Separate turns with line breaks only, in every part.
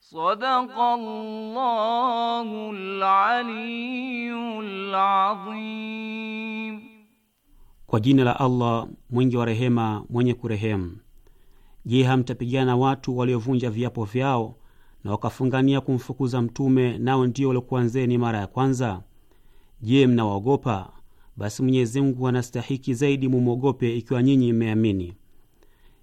صدق الله العلي العظيم
Kwa jina la Allah mwingi wa rehema, mwenye kurehemu. Je, hamtapigana watu waliovunja viapo vyao na wakafungania kumfukuza Mtume, nao ndio waliokuanzeni mara ya kwanza? Je, mnawaogopa? Basi Mwenyezi Mungu anastahiki zaidi mumwogope, ikiwa nyinyi mmeamini.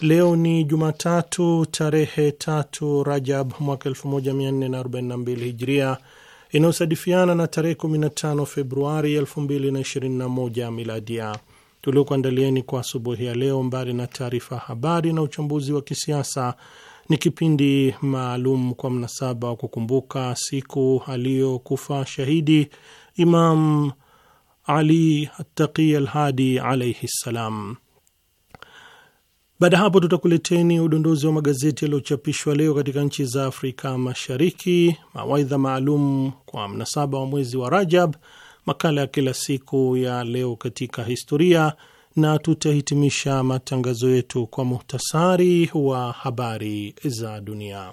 Leo ni Jumatatu tarehe tatu Rajab mwaka 1442 Hijria inayosadifiana na tarehe 15 Februari 2021 Miladia. Tuliokuandalieni kwa asubuhi ya leo, mbali na taarifa habari na uchambuzi wa kisiasa, ni kipindi maalum kwa mnasaba wa kukumbuka siku aliyokufa shahidi Imam Ali Attaqi Alhadi alaihi ssalam. Baada ya hapo tutakuleteni udondozi wa magazeti yaliyochapishwa leo katika nchi za Afrika Mashariki, mawaidha maalum kwa mnasaba wa mwezi wa Rajab, makala ya kila siku ya leo katika historia, na tutahitimisha matangazo yetu kwa muhtasari wa habari za dunia.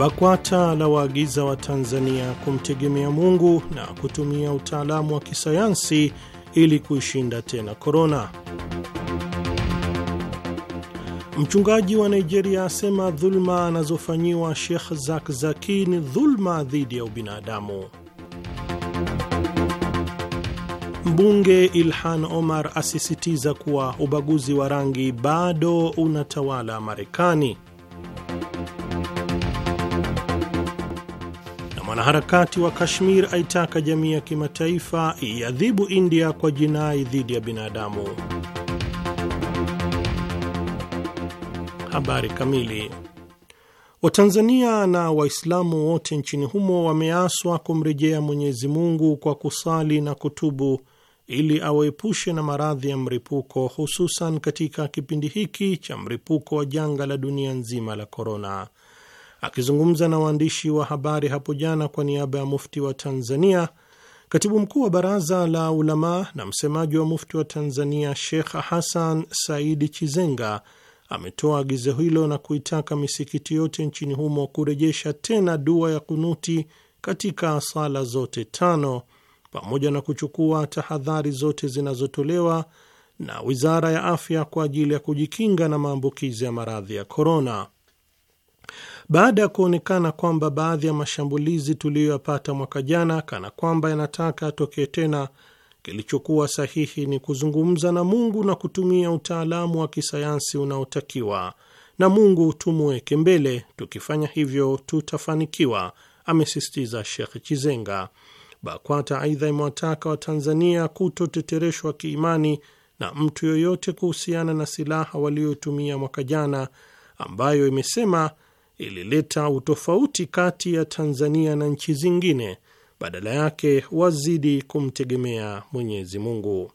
BAKWATA la waagiza wa tanzania kumtegemea Mungu na kutumia utaalamu wa kisayansi ili kuishinda tena korona. Mchungaji wa Nigeria asema dhuluma anazofanyiwa shekh Zakzaki ni dhuluma dhidi ya ubinadamu. Mbunge Ilhan Omar asisitiza kuwa ubaguzi wa rangi bado unatawala Marekani. Mwanaharakati wa Kashmir aitaka jamii ya kimataifa iadhibu India kwa jinai dhidi ya binadamu. Habari kamili. Watanzania na Waislamu wote nchini humo wameaswa kumrejea Mwenyezi Mungu kwa kusali na kutubu ili awaepushe na maradhi ya mripuko, hususan katika kipindi hiki cha mripuko wa janga la dunia nzima la korona. Akizungumza na waandishi wa habari hapo jana kwa niaba ya mufti wa Tanzania, katibu mkuu wa baraza la ulamaa na msemaji wa mufti wa Tanzania shekh Hasan Saidi Chizenga ametoa agizo hilo na kuitaka misikiti yote nchini humo kurejesha tena dua ya kunuti katika sala zote tano pamoja na kuchukua tahadhari zote zinazotolewa na Wizara ya Afya kwa ajili ya kujikinga na maambukizi ya maradhi ya korona baada ya kuonekana kwamba baadhi ya mashambulizi tuliyoyapata mwaka jana kana kwamba yanataka atokee tena, kilichokuwa sahihi ni kuzungumza na Mungu na kutumia utaalamu wa kisayansi unaotakiwa na Mungu tumweke mbele. Tukifanya hivyo tutafanikiwa, amesisitiza Shekh Chizenga. BAKWATA aidha imewataka Watanzania kutotetereshwa kiimani na mtu yoyote kuhusiana na silaha waliotumia mwaka jana, ambayo imesema ilileta utofauti kati ya Tanzania na nchi zingine, badala yake wazidi kumtegemea Mwenyezi Mungu.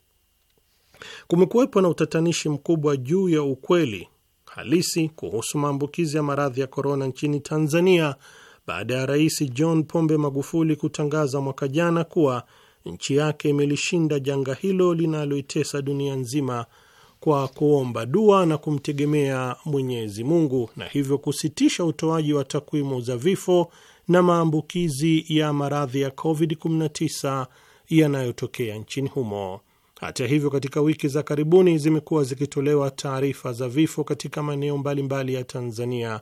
Kumekuwepo na utatanishi mkubwa juu ya ukweli halisi kuhusu maambukizi ya maradhi ya korona nchini Tanzania baada ya Rais John Pombe Magufuli kutangaza mwaka jana kuwa nchi yake imelishinda janga hilo linaloitesa dunia nzima kwa kuomba dua na kumtegemea Mwenyezi Mungu na hivyo kusitisha utoaji wa takwimu za vifo na maambukizi ya maradhi ya COVID-19 yanayotokea nchini humo. Hata hivyo, katika wiki za karibuni zimekuwa zikitolewa taarifa za vifo katika maeneo mbalimbali ya Tanzania,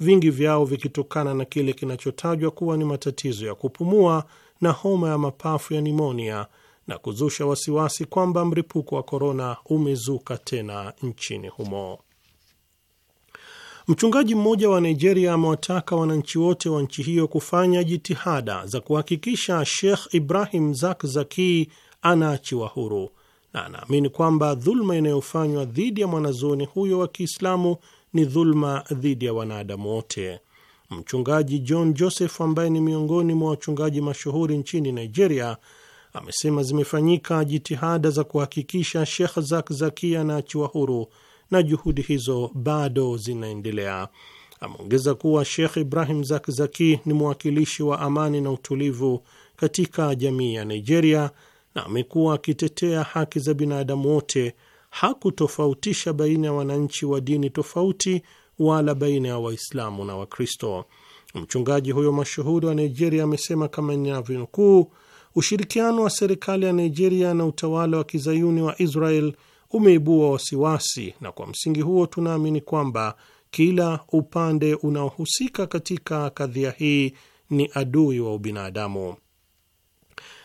vingi vyao vikitokana na kile kinachotajwa kuwa ni matatizo ya kupumua na homa ya mapafu ya nimonia na kuzusha wasiwasi kwamba mlipuko wa korona umezuka tena nchini humo. Mchungaji mmoja wa Nigeria amewataka wananchi wote wa nchi hiyo kufanya jitihada za kuhakikisha Sheikh Ibrahim Zakzaki anaachiwa huru na anaamini kwamba dhuluma inayofanywa dhidi ya mwanazuoni huyo wa Kiislamu ni dhuluma dhidi ya wanadamu wote. Mchungaji John Joseph ambaye ni miongoni mwa wachungaji mashuhuri nchini Nigeria amesema zimefanyika jitihada za kuhakikisha shekh Zakzaki anaachiwa huru na juhudi hizo bado zinaendelea. Ameongeza kuwa shekh Ibrahim Zakzaki ni mwakilishi wa amani na utulivu katika jamii ya Nigeria na amekuwa akitetea haki za binadamu wote. Hakutofautisha baina ya wananchi wa dini tofauti wala baina ya Waislamu na Wakristo. Mchungaji huyo mashuhuri wa Nigeria amesema kama ninavyonukuu, ushirikiano wa serikali ya Nigeria na utawala wa kizayuni wa Israel umeibua wasiwasi, na kwa msingi huo tunaamini kwamba kila upande unaohusika katika kadhia hii ni adui wa ubinadamu.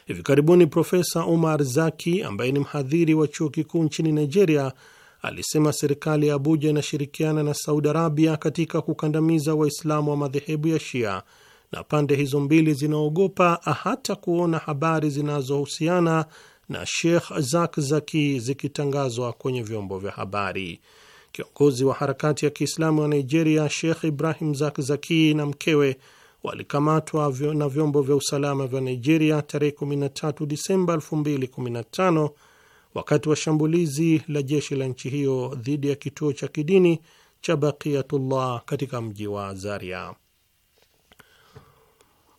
Hivi karibuni Profesa Omar Zaki ambaye ni mhadhiri wa chuo kikuu nchini Nigeria alisema serikali ya Abuja inashirikiana na Saudi Arabia katika kukandamiza Waislamu wa madhehebu ya Shia na pande hizo mbili zinaogopa hata kuona habari zinazohusiana na Sheikh Zakzaki zikitangazwa kwenye vyombo vya habari. Kiongozi wa harakati ya Kiislamu ya Nigeria, Sheikh Ibrahim Zakzaki na mkewe walikamatwa na vyombo vya usalama vya Nigeria tarehe 13 Disemba 2015 wakati wa shambulizi la jeshi la nchi hiyo dhidi ya kituo cha kidini cha Baqiyatullah katika mji wa Zaria.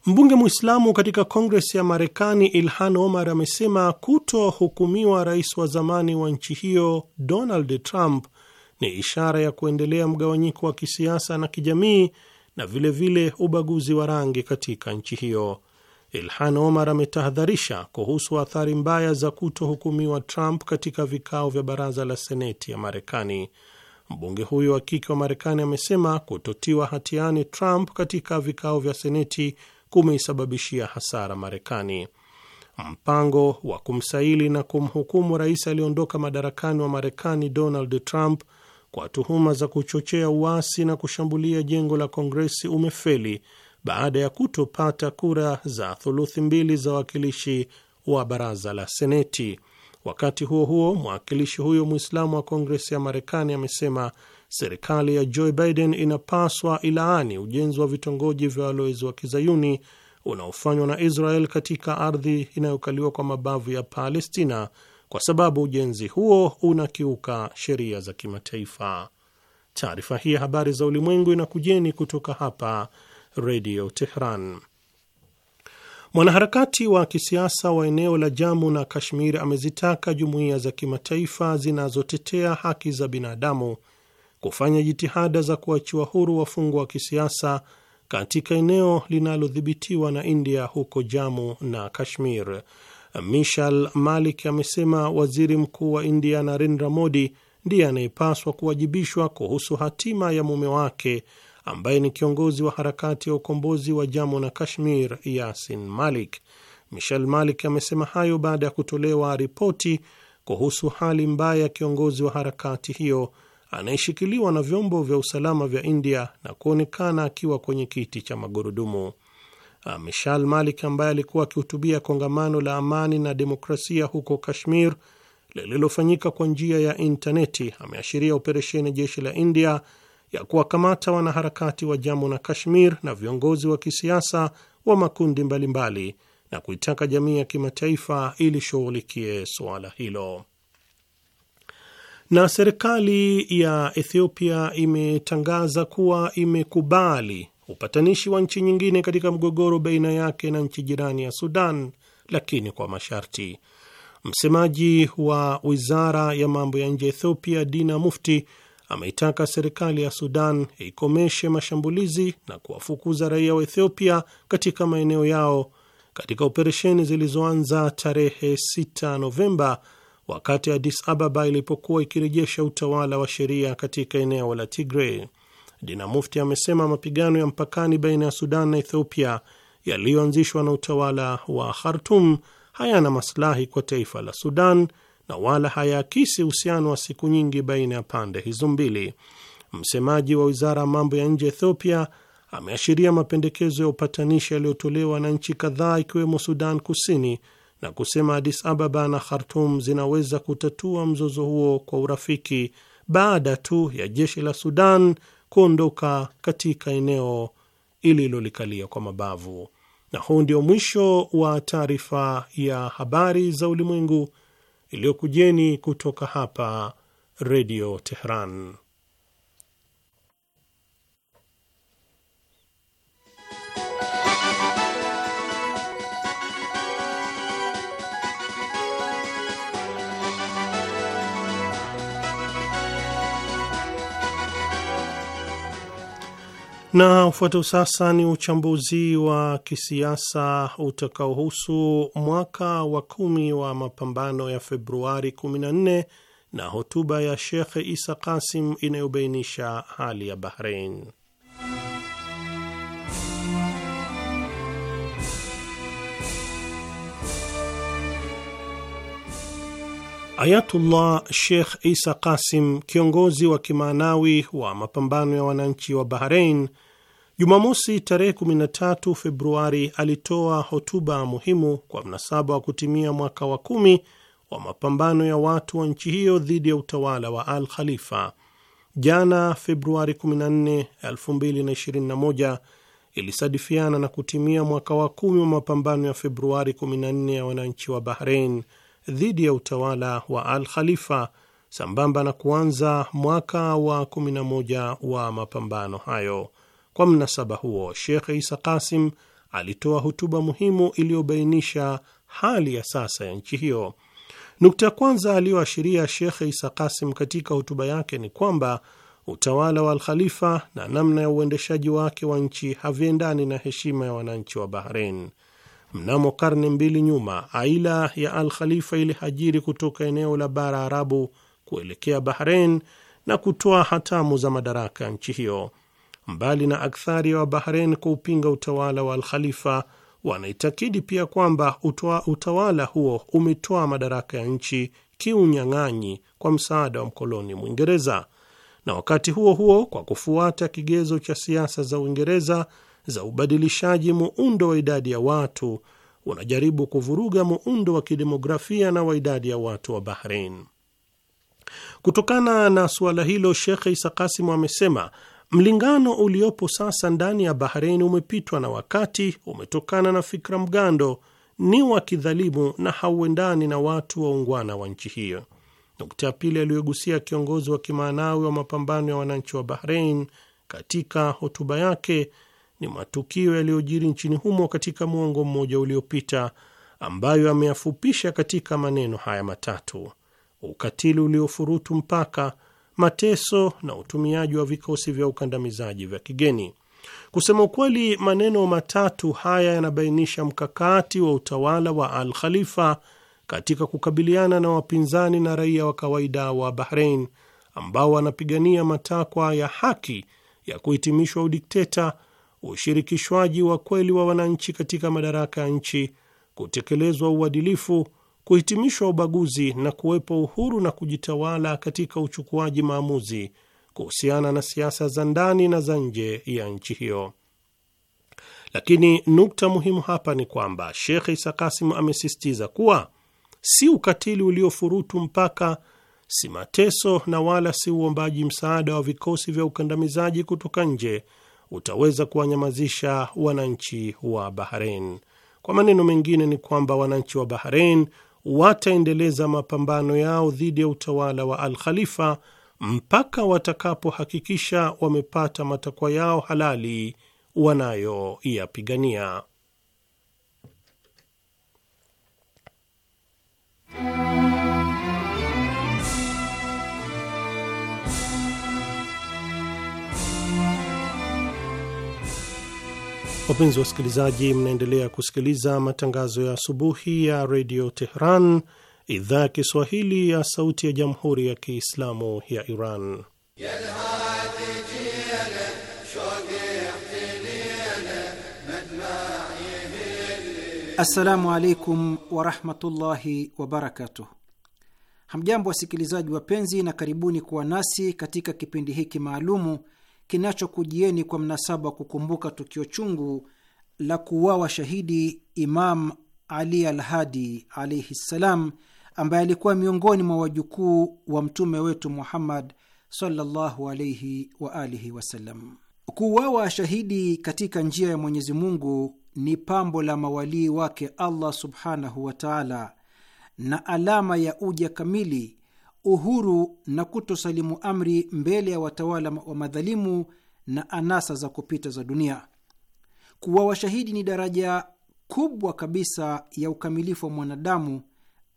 Mbunge Mwislamu katika Kongres ya Marekani Ilhan Omar amesema kutohukumiwa rais wa zamani wa nchi hiyo Donald Trump ni ishara ya kuendelea mgawanyiko wa kisiasa na kijamii na vilevile vile ubaguzi wa rangi katika nchi hiyo. Ilhan Omar ametahadharisha kuhusu athari mbaya za kutohukumiwa Trump katika vikao vya baraza la seneti ya Marekani. Mbunge huyo wa kike wa Marekani amesema kutotiwa hatiani Trump katika vikao vya seneti kumeisababishia hasara Marekani. Mpango wa kumsaili na kumhukumu rais aliyeondoka madarakani wa Marekani Donald Trump kwa tuhuma za kuchochea uasi na kushambulia jengo la Kongresi umefeli baada ya kutopata kura za thuluthi mbili za wakilishi wa baraza la Seneti. Wakati huo huo, mwakilishi huyo Mwislamu wa Kongresi ya Marekani amesema serikali ya Joe Biden inapaswa ilaani ujenzi wa vitongoji vya walowezi wa kizayuni unaofanywa na Israel katika ardhi inayokaliwa kwa mabavu ya Palestina kwa sababu ujenzi huo unakiuka sheria za kimataifa. Taarifa hii ya habari za ulimwengu inakujeni kutoka hapa Redio Tehran. Mwanaharakati wa kisiasa wa eneo la Jamu na Kashmir amezitaka jumuiya za kimataifa zinazotetea haki za binadamu kufanya jitihada za kuachiwa huru wafungwa wa kisiasa katika eneo linalodhibitiwa na India huko Jammu na Kashmir. Mishal Malik amesema waziri mkuu wa India Narendra Modi ndiye anayepaswa kuwajibishwa kuhusu hatima ya mume wake ambaye ni kiongozi wa harakati ya ukombozi wa Jammu na Kashmir, Yasin Malik. Mishal Malik amesema hayo baada ya kutolewa ripoti kuhusu hali mbaya ya kiongozi wa harakati hiyo anayeshikiliwa na vyombo vya usalama vya India na kuonekana akiwa kwenye kiti cha magurudumu. Mishal Malik ambaye alikuwa akihutubia kongamano la amani na demokrasia huko Kashmir lililofanyika kwa njia ya intaneti ameashiria operesheni jeshi la India ya kuwakamata wanaharakati wa Jammu na Kashmir na viongozi wa kisiasa wa makundi mbalimbali mbali, na kuitaka jamii ya kimataifa ilishughulikie suala hilo. Na serikali ya Ethiopia imetangaza kuwa imekubali upatanishi wa nchi nyingine katika mgogoro baina yake na nchi jirani ya Sudan, lakini kwa masharti. Msemaji wa wizara ya mambo ya nje ya Ethiopia, Dina Mufti, ameitaka serikali ya Sudan ikomeshe mashambulizi na kuwafukuza raia wa Ethiopia katika maeneo yao katika operesheni zilizoanza tarehe 6 Novemba wakati Addis Ababa ilipokuwa ikirejesha utawala wa sheria katika eneo la Tigray. Dina Mufti amesema mapigano ya mpakani baina ya Sudan na Ethiopia yaliyoanzishwa na utawala wa Khartum hayana maslahi kwa taifa la Sudan na wala hayaakisi uhusiano wa siku nyingi baina ya pande hizo mbili. Msemaji wa wizara ya mambo ya nje Ethiopia ameashiria mapendekezo ya upatanishi yaliyotolewa na nchi kadhaa ikiwemo Sudan Kusini na kusema Addis Ababa na Khartum zinaweza kutatua mzozo huo kwa urafiki baada tu ya jeshi la Sudan kuondoka katika eneo ililolikalia kwa mabavu. Na huu ndio mwisho wa taarifa ya habari za ulimwengu iliyokujeni kutoka hapa Redio Tehran. Na ufuatao sasa ni uchambuzi wa kisiasa utakaohusu mwaka wa kumi wa mapambano ya Februari 14 na hotuba ya shekh Isa kasim inayobainisha hali ya Bahrain. Ayatullah Sheikh Isa Kasim, kiongozi wa kimaanawi wa mapambano ya wananchi wa bahrein Jumamosi tarehe 13 Februari alitoa hotuba muhimu kwa mnasaba wa kutimia mwaka wa kumi wa mapambano ya watu wa nchi hiyo dhidi ya utawala wa Al Khalifa. Jana Februari 14, 2021 ilisadifiana na kutimia mwaka wa kumi wa mapambano ya Februari 14 ya wananchi wa Bahrein dhidi ya utawala wa Al Khalifa sambamba na kuanza mwaka wa 11 wa mapambano hayo. Kwa mnasaba huo, shekhe Isa Kasim alitoa hutuba muhimu iliyobainisha hali ya sasa ya nchi hiyo. Nukta ya kwanza aliyoashiria Shekhe Isa Kasim katika hutuba yake ni kwamba utawala wa Alkhalifa na namna ya uendeshaji wake wa nchi haviendani na heshima ya wananchi wa Bahrein. Mnamo karne mbili nyuma, aila ya Alkhalifa ilihajiri kutoka eneo la bara Arabu kuelekea Bahrein na kutoa hatamu za madaraka ya nchi hiyo mbali na akthari ya wa Bahrein kuupinga utawala wa Alkhalifa, wanaitakidi pia kwamba utawala huo umetoa madaraka ya nchi kiunyang'anyi kwa msaada wa mkoloni Mwingereza, na wakati huo huo kwa kufuata kigezo cha siasa za Uingereza za ubadilishaji muundo wa idadi ya watu unajaribu kuvuruga muundo wa kidemografia na wa idadi ya watu wa Bahrein. Kutokana na suala hilo, Shekhe Isa Kasimu amesema Mlingano uliopo sasa ndani ya Bahrein umepitwa na wakati, umetokana na fikra mgando, ni wa kidhalimu na hauendani na watu waungwana wa nchi hiyo. Nukta ya pili aliyogusia kiongozi wa kimaanawi wa mapambano ya wananchi wa Bahrein katika hotuba yake ni matukio yaliyojiri nchini humo katika mwongo mmoja uliopita, ambayo ameyafupisha katika maneno haya matatu: ukatili uliofurutu mpaka mateso na utumiaji wa vikosi vya ukandamizaji vya kigeni. Kusema ukweli, maneno matatu haya yanabainisha mkakati wa utawala wa Al Khalifa katika kukabiliana na wapinzani na raia wa kawaida wa Bahrein ambao wanapigania matakwa ya haki ya kuhitimishwa udikteta, ushirikishwaji wa kweli wa wananchi katika madaraka ya nchi, kutekelezwa uadilifu kuhitimishwa ubaguzi na kuwepo uhuru na kujitawala katika uchukuaji maamuzi kuhusiana na siasa za ndani na za nje ya nchi hiyo. Lakini nukta muhimu hapa ni kwamba Shekhe Isa Kasim amesisitiza kuwa si ukatili uliofurutu mpaka, si mateso na wala si uombaji msaada wa vikosi vya ukandamizaji kutoka nje utaweza kuwanyamazisha wananchi wa Bahrein. Kwa maneno mengine, ni kwamba wananchi wa Bahrein wataendeleza mapambano yao dhidi ya utawala wa Al Khalifa mpaka watakapohakikisha wamepata matakwa yao halali wanayoyapigania. Wapenzi wasikilizaji, mnaendelea kusikiliza matangazo ya asubuhi ya redio Tehran, idhaa ya Kiswahili ya sauti ya jamhuri ya Kiislamu ya Iran. Assalamu
alaikum warahmatullahi wabarakatuh. Hamjambo wasikilizaji wapenzi, na karibuni kuwa nasi katika kipindi hiki maalumu kinachokujieni kwa mnasaba wa kukumbuka tukio chungu la kuuawa shahidi Imam Ali Alhadi alaihi ssalam, ambaye alikuwa miongoni mwa wajukuu wa mtume wetu Muhammad sallallahu alaihi wasallam. Kuuawa shahidi katika njia ya Mwenyezi Mungu ni pambo la mawalii wake Allah subhanahu wa taala na alama ya uja kamili uhuru na kutosalimu amri mbele ya watawala wa madhalimu na anasa za kupita za dunia. Kuwa washahidi ni daraja kubwa kabisa ya ukamilifu wa mwanadamu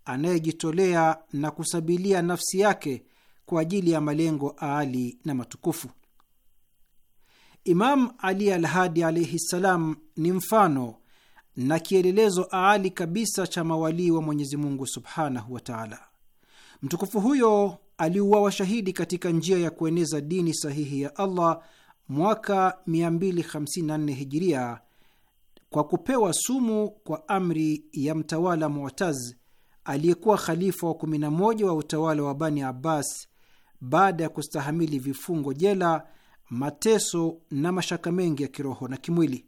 anayejitolea na kusabilia nafsi yake kwa ajili ya malengo aali na matukufu. Imam Ali Alhadi alaihi ssalam ni mfano na kielelezo aali kabisa cha mawalii wa Mwenyezi Mungu subhanahu wa taala. Mtukufu huyo aliuawa shahidi katika njia ya kueneza dini sahihi ya Allah mwaka 254 hijiria kwa kupewa sumu kwa amri ya mtawala Mu'taz aliyekuwa khalifa wa 11 wa utawala wa Bani Abbas baada ya kustahamili vifungo jela, mateso na mashaka mengi ya kiroho na kimwili.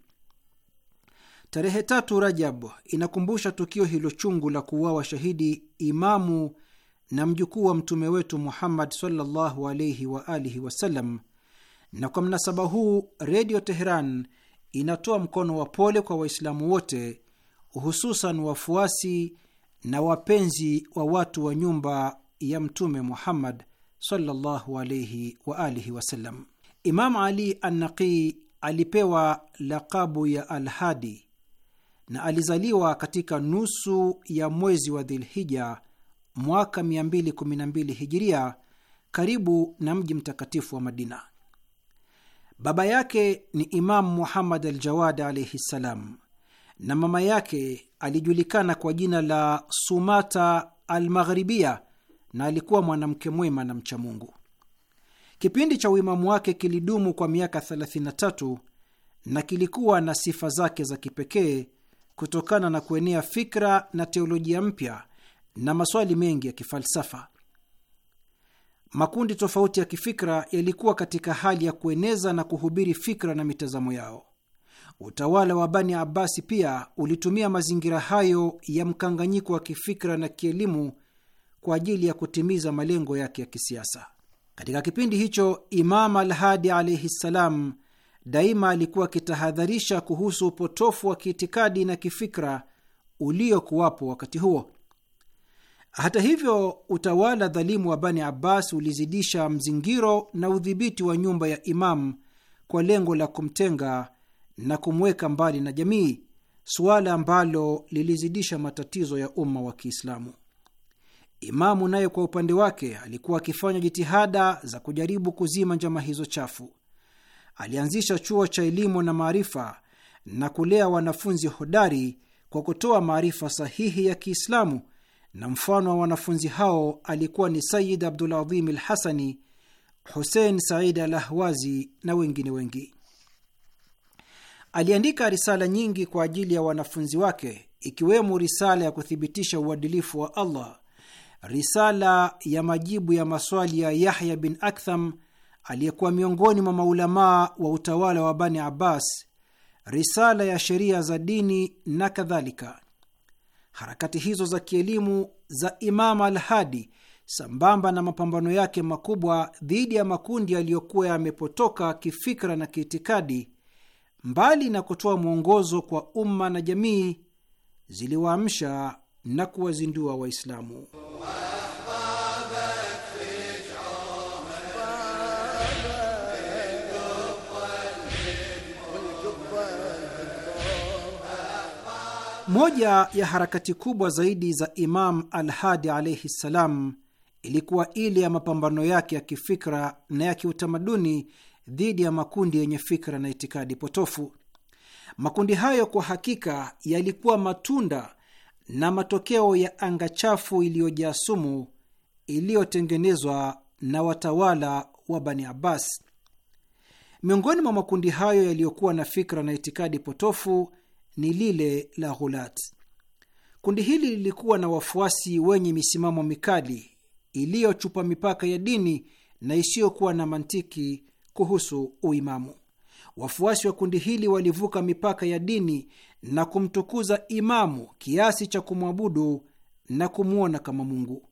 Tarehe tatu Rajab inakumbusha tukio hilo chungu la kuuawa shahidi Imamu na mjukuu wa mtume wetu Muhammad sallallahu alaihi wa alihi wasallam. Na kwa mnasaba huu Redio Teheran inatoa mkono wa pole kwa Waislamu wote, hususan wafuasi na wapenzi wa watu wa nyumba ya mtume Muhammad sallallahu alaihi wa alihi wasallam. Imam Ali Annaqi alipewa lakabu ya Alhadi na alizaliwa katika nusu ya mwezi wa Dhilhija mwaka 212 hijiria karibu na mji mtakatifu wa Madina. Baba yake ni Imamu Muhammad al Jawad alaihi ssalam, na mama yake alijulikana kwa jina la Sumata al Maghribia, na alikuwa mwanamke mwema na mcha mungu Kipindi cha uimamu wake kilidumu kwa miaka 33 na kilikuwa na sifa zake za kipekee kutokana na kuenea fikra na teolojia mpya na maswali mengi ya kifalsafa. Makundi tofauti ya kifikra yalikuwa katika hali ya kueneza na kuhubiri fikra na mitazamo yao. Utawala wa Bani abasi pia ulitumia mazingira hayo ya mkanganyiko wa kifikra na kielimu kwa ajili ya kutimiza malengo yake ya kisiasa. Katika kipindi hicho, Imam Alhadi alaihi ssalam daima alikuwa akitahadharisha kuhusu upotofu wa kiitikadi na kifikra uliokuwapo wakati huo. Hata hivyo, utawala dhalimu wa Bani Abbas ulizidisha mzingiro na udhibiti wa nyumba ya Imamu kwa lengo la kumtenga na kumweka mbali na jamii, suala ambalo lilizidisha matatizo ya umma wa Kiislamu. Imamu naye kwa upande wake alikuwa akifanya jitihada za kujaribu kuzima njama hizo chafu. Alianzisha chuo cha elimu na maarifa na kulea wanafunzi hodari kwa kutoa maarifa sahihi ya Kiislamu na mfano wa wanafunzi hao alikuwa ni Sayid Abdulazim al Hasani, Husein Said al Ahwazi na wengine wengi. Aliandika risala nyingi kwa ajili ya wanafunzi wake, ikiwemo risala ya kuthibitisha uadilifu wa Allah, risala ya majibu ya maswali ya Yahya bin Aktham aliyekuwa miongoni mwa maulamaa wa utawala wa Bani Abbas, risala ya sheria za dini na kadhalika. Harakati hizo za kielimu za Imam al-Hadi sambamba na mapambano yake makubwa dhidi ya makundi yaliyokuwa yamepotoka kifikra na kiitikadi, mbali na kutoa mwongozo kwa umma na jamii, ziliwaamsha na kuwazindua Waislamu. Moja ya harakati kubwa zaidi za Imam Alhadi alaihi ssalam ilikuwa ile ya mapambano yake ya kifikra na ya kiutamaduni dhidi ya makundi yenye fikra na itikadi potofu. Makundi hayo kwa hakika yalikuwa matunda na matokeo ya anga chafu iliyojaa sumu iliyotengenezwa na watawala wa Bani Abbas. Miongoni mwa makundi hayo yaliyokuwa na fikra na itikadi potofu ni lile la Ghulat. Kundi hili lilikuwa na wafuasi wenye misimamo mikali iliyochupa mipaka ya dini na isiyokuwa na mantiki kuhusu uimamu. Wafuasi wa kundi hili walivuka mipaka ya dini na kumtukuza imamu kiasi cha kumwabudu na kumwona kama Mungu.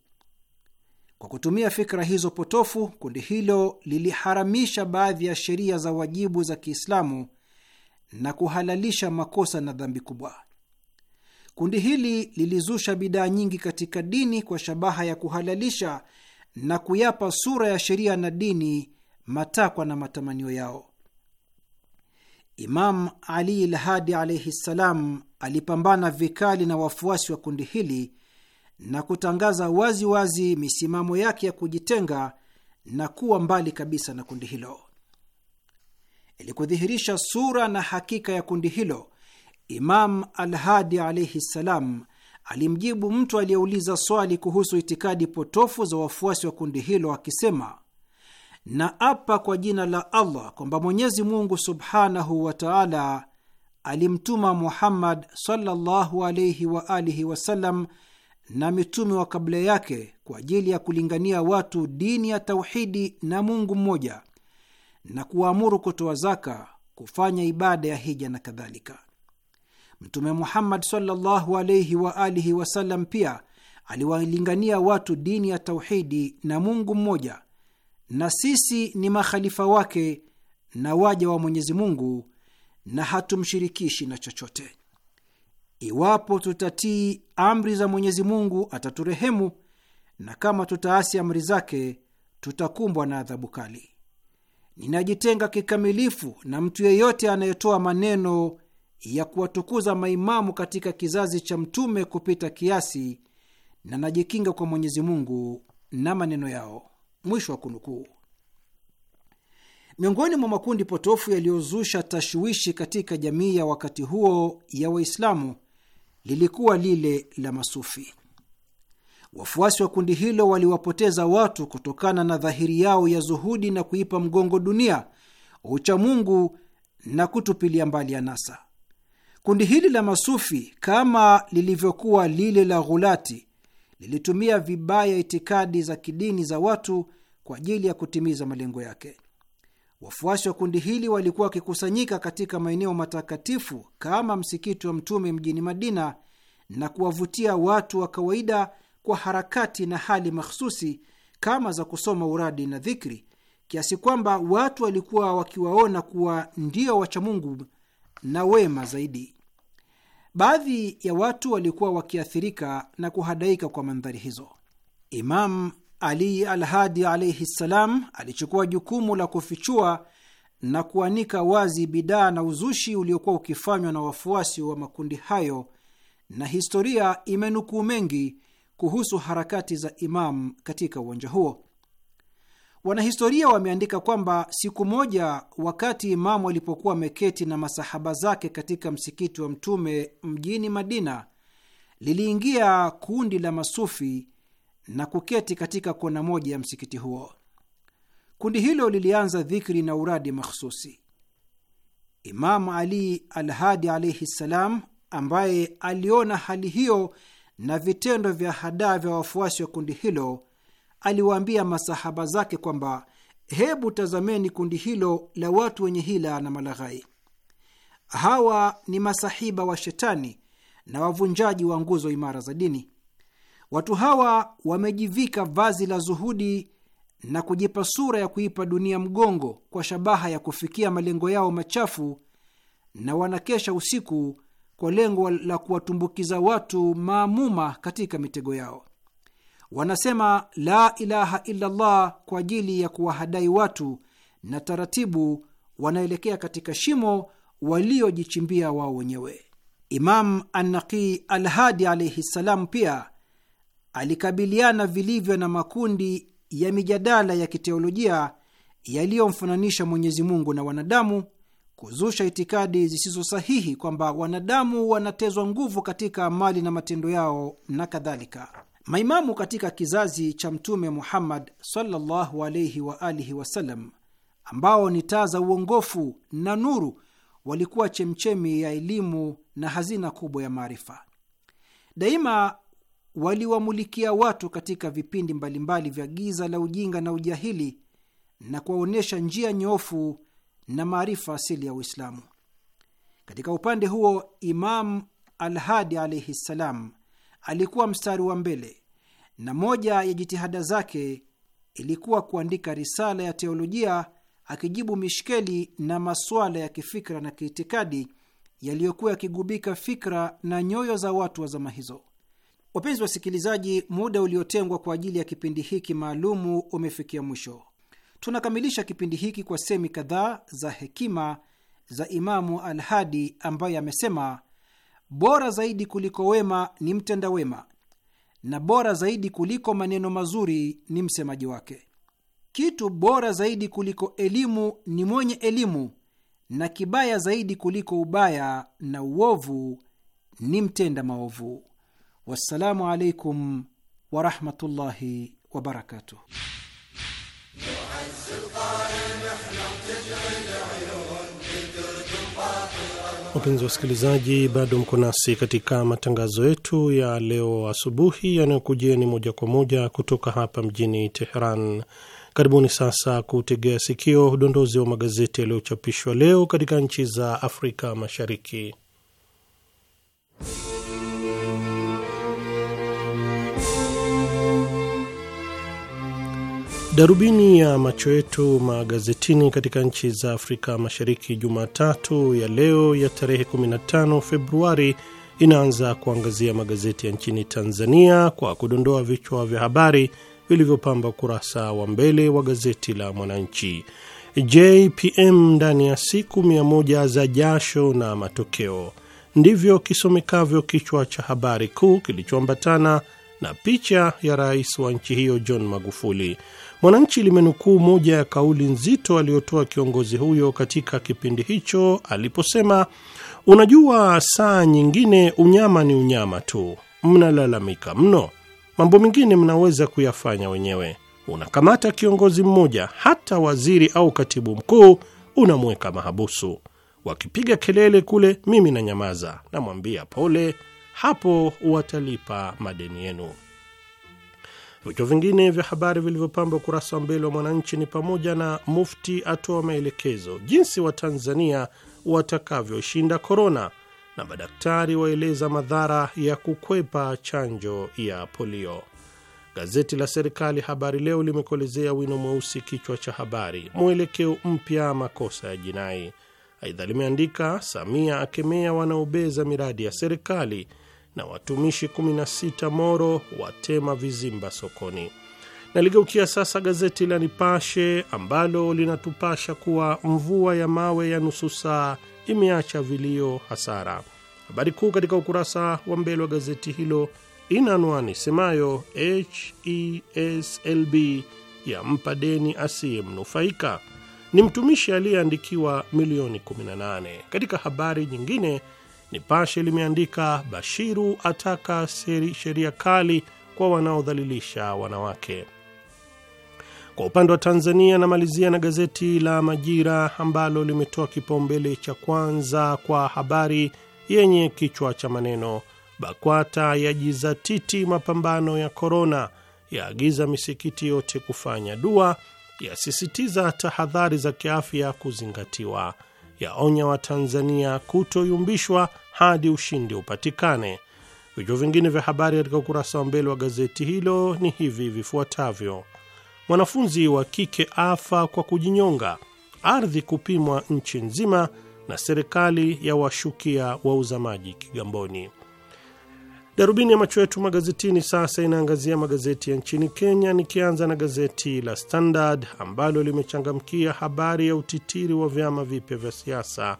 Kwa kutumia fikra hizo potofu, kundi hilo liliharamisha baadhi ya sheria za wajibu za Kiislamu na kuhalalisha makosa na dhambi kubwa. Kundi hili lilizusha bidaa nyingi katika dini kwa shabaha ya kuhalalisha na kuyapa sura ya sheria na dini matakwa na matamanio yao. Imam Ali lhadi alaihi ssalam alipambana vikali na wafuasi wa kundi hili na kutangaza waziwazi wazi misimamo yake ya kujitenga na kuwa mbali kabisa na kundi hilo. Ili kudhihirisha sura na hakika ya kundi hilo, Imam Alhadi alaihi ssalam alimjibu mtu aliyeuliza swali kuhusu itikadi potofu za wafuasi wa kundi hilo akisema, na apa kwa jina la Allah kwamba Mwenyezi Mungu subhanahu wa taala alimtuma Muhammad sallallahu alaihi wa alihi wasallam na mitume wa kabla yake kwa ajili ya kulingania watu dini ya tauhidi na Mungu mmoja na kuwaamuru kutoa zaka, kufanya ibada ya hija na kadhalika. Mtume Muhammad sallallahu wa alihi wasallam pia aliwalingania watu dini ya tauhidi na Mungu mmoja, na sisi ni makhalifa wake na waja wa Mwenyezi Mungu na hatumshirikishi na chochote. Iwapo tutatii amri za Mwenyezi Mungu ataturehemu, na kama tutaasi amri zake tutakumbwa na adhabu kali. Ninajitenga kikamilifu na mtu yeyote anayetoa maneno ya kuwatukuza maimamu katika kizazi cha Mtume kupita kiasi, na najikinga kwa Mwenyezi Mungu na maneno yao. Mwisho wa kunukuu. Miongoni mwa makundi potofu yaliyozusha tashwishi katika jamii ya wakati huo ya Waislamu lilikuwa lile la masufi. Wafuasi wa kundi hilo waliwapoteza watu kutokana na dhahiri yao ya zuhudi na kuipa mgongo dunia, uchamungu na kutupilia mbali anasa. Kundi hili la masufi kama lilivyokuwa lile la ghulati lilitumia vibaya itikadi za kidini za watu kwa ajili ya kutimiza malengo yake. Wafuasi wa kundi hili walikuwa wakikusanyika katika maeneo matakatifu kama msikiti wa Mtume mjini Madina na kuwavutia watu wa kawaida kwa harakati na hali mahsusi kama za kusoma uradi na dhikri, kiasi kwamba watu walikuwa wakiwaona kuwa ndio wachamungu na wema zaidi. Baadhi ya watu walikuwa wakiathirika na kuhadaika kwa mandhari hizo. Imam Ali Alhadi alaihi ssalam alichukua jukumu la kufichua na kuanika wazi bidaa na uzushi uliokuwa ukifanywa na wafuasi wa makundi hayo, na historia imenukuu mengi kuhusu harakati za Imam katika uwanja huo. Wanahistoria wameandika kwamba siku moja, wakati Imamu alipokuwa ameketi na masahaba zake katika msikiti wa Mtume mjini Madina, liliingia kundi la masufi na kuketi katika kona moja ya msikiti huo. Kundi hilo lilianza dhikri na uradi makhususi. Imamu Ali Alhadi alaihi ssalam, ambaye aliona hali hiyo na vitendo vya hadaa vya wafuasi wa kundi hilo, aliwaambia masahaba zake kwamba hebu tazameni kundi hilo la watu wenye hila na malaghai. Hawa ni masahiba wa Shetani na wavunjaji wa nguzo imara za dini. Watu hawa wamejivika vazi la zuhudi na kujipa sura ya kuipa dunia mgongo kwa shabaha ya kufikia malengo yao machafu, na wanakesha usiku kwa lengo la kuwatumbukiza watu maamuma katika mitego yao. Wanasema la ilaha illallah kwa ajili ya kuwahadai watu, na taratibu wanaelekea katika shimo waliojichimbia wao wenyewe. Imam Annaqi Alhadi alaihi ssalam pia alikabiliana vilivyo na makundi ya mijadala ya kiteolojia yaliyomfananisha Mwenyezi Mungu na wanadamu kuzusha itikadi zisizo sahihi kwamba wanadamu wanatezwa nguvu katika mali na matendo yao na kadhalika. Maimamu katika kizazi cha Mtume Muhammad sallallahu wa alihi wasallam, ambao ni taa za uongofu na nuru, walikuwa chemchemi ya elimu na hazina kubwa ya maarifa. Daima waliwamulikia watu katika vipindi mbalimbali vya giza la ujinga na ujahili na kuwaonyesha njia nyofu na maarifa asili ya Uislamu. Katika upande huo, Imam Alhadi alaihi ssalam alikuwa mstari wa mbele na moja ya jitihada zake ilikuwa kuandika risala ya teolojia akijibu mishkeli na masuala ya kifikra na kiitikadi yaliyokuwa yakigubika fikra na nyoyo za watu wa zama hizo. Wapenzi wasikilizaji, muda uliotengwa kwa ajili ya kipindi hiki maalumu umefikia mwisho. Tunakamilisha kipindi hiki kwa semi kadhaa za hekima za Imamu Alhadi ambaye amesema, bora zaidi kuliko wema ni mtenda wema na bora zaidi kuliko maneno mazuri ni msemaji wake. Kitu bora zaidi kuliko elimu ni mwenye elimu, na kibaya zaidi kuliko ubaya na uovu ni mtenda maovu. Wassalamu alaikum warahmatullahi wabarakatuh.
Wapenzi wasikilizaji, bado mko nasi katika matangazo yetu ya leo asubuhi yanayokujieni moja kwa moja kutoka hapa mjini Teheran. Karibuni sasa kutegea sikio udondozi wa magazeti yaliyochapishwa leo katika nchi za Afrika Mashariki. Darubini ya macho yetu magazetini katika nchi za Afrika Mashariki Jumatatu ya leo ya tarehe 15 Februari inaanza kuangazia magazeti ya nchini Tanzania kwa kudondoa vichwa vya habari vilivyopamba ukurasa wa mbele wa gazeti la Mwananchi. JPM ndani ya siku mia moja za jasho na matokeo, ndivyo kisomekavyo kichwa cha habari kuu kilichoambatana na picha ya rais wa nchi hiyo John Magufuli. Mwananchi limenukuu moja ya kauli nzito aliyotoa kiongozi huyo katika kipindi hicho aliposema, unajua, saa nyingine unyama ni unyama tu, mnalalamika mno, mambo mengine mnaweza kuyafanya wenyewe. Unakamata kiongozi mmoja, hata waziri au katibu mkuu, unamweka mahabusu. Wakipiga kelele kule, mimi na nyamaza, namwambia pole, hapo watalipa madeni yenu. Vichwa vingine vya habari vilivyopamba ukurasa wa mbele wa Mwananchi ni pamoja na Mufti atoa maelekezo jinsi Watanzania watakavyoshinda korona, na madaktari waeleza madhara ya kukwepa chanjo ya polio. Gazeti la serikali Habari Leo limekolezea wino mweusi kichwa cha habari, mwelekeo mpya makosa ya jinai. Aidha limeandika Samia akemea wanaobeza miradi ya serikali na watumishi 16 Moro watema vizimba sokoni. Naligeukia sasa gazeti la Nipashe ambalo linatupasha kuwa mvua ya mawe ya nusu saa imeacha vilio, hasara. Habari kuu katika ukurasa wa mbele wa gazeti hilo ina anwani semayo HESLB ya mpa deni asiyemnufaika, ni mtumishi aliyeandikiwa milioni 18. Katika habari nyingine Nipashe limeandika Bashiru ataka sheria kali kwa wanaodhalilisha wanawake. Kwa upande wa Tanzania, namalizia na gazeti la Majira ambalo limetoa kipaumbele cha kwanza kwa habari yenye kichwa cha maneno BAKWATA yajizatiti mapambano ya korona, yaagiza misikiti yote kufanya dua, yasisitiza tahadhari za kiafya kuzingatiwa yaonya Watanzania kutoyumbishwa hadi ushindi upatikane. Vichwa vingine vya habari katika ukurasa wa mbele wa gazeti hilo ni hivi vifuatavyo: mwanafunzi wa kike afa kwa kujinyonga, ardhi kupimwa nchi nzima, na serikali ya washukia wa uzamaji Kigamboni. Darubini ya macho yetu magazetini sasa inaangazia magazeti ya nchini Kenya, nikianza na gazeti la Standard ambalo limechangamkia habari ya utitiri wa vyama vipya vya siasa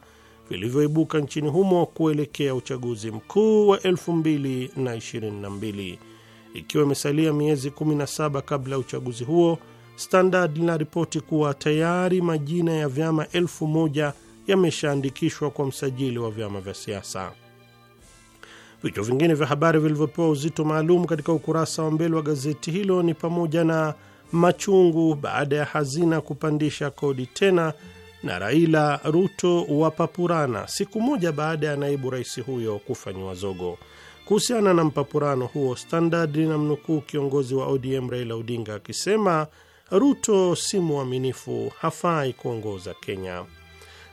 vilivyoibuka nchini humo kuelekea uchaguzi mkuu wa 2022 ikiwa imesalia miezi 17 kabla ya uchaguzi huo. Standard linaripoti kuwa tayari majina ya vyama elfu moja yameshaandikishwa kwa msajili wa vyama vya siasa. Vichwa vingine vya habari vilivyopewa uzito maalum katika ukurasa wa mbele wa gazeti hilo ni pamoja na machungu baada ya hazina kupandisha kodi tena, na Raila Ruto wapapurana siku moja baada ya naibu rais huyo kufanyiwa zogo. Kuhusiana na mpapurano huo, Standard mnukuu kiongozi wa ODM Raila Odinga akisema Ruto si mwaminifu, hafai kuongoza Kenya.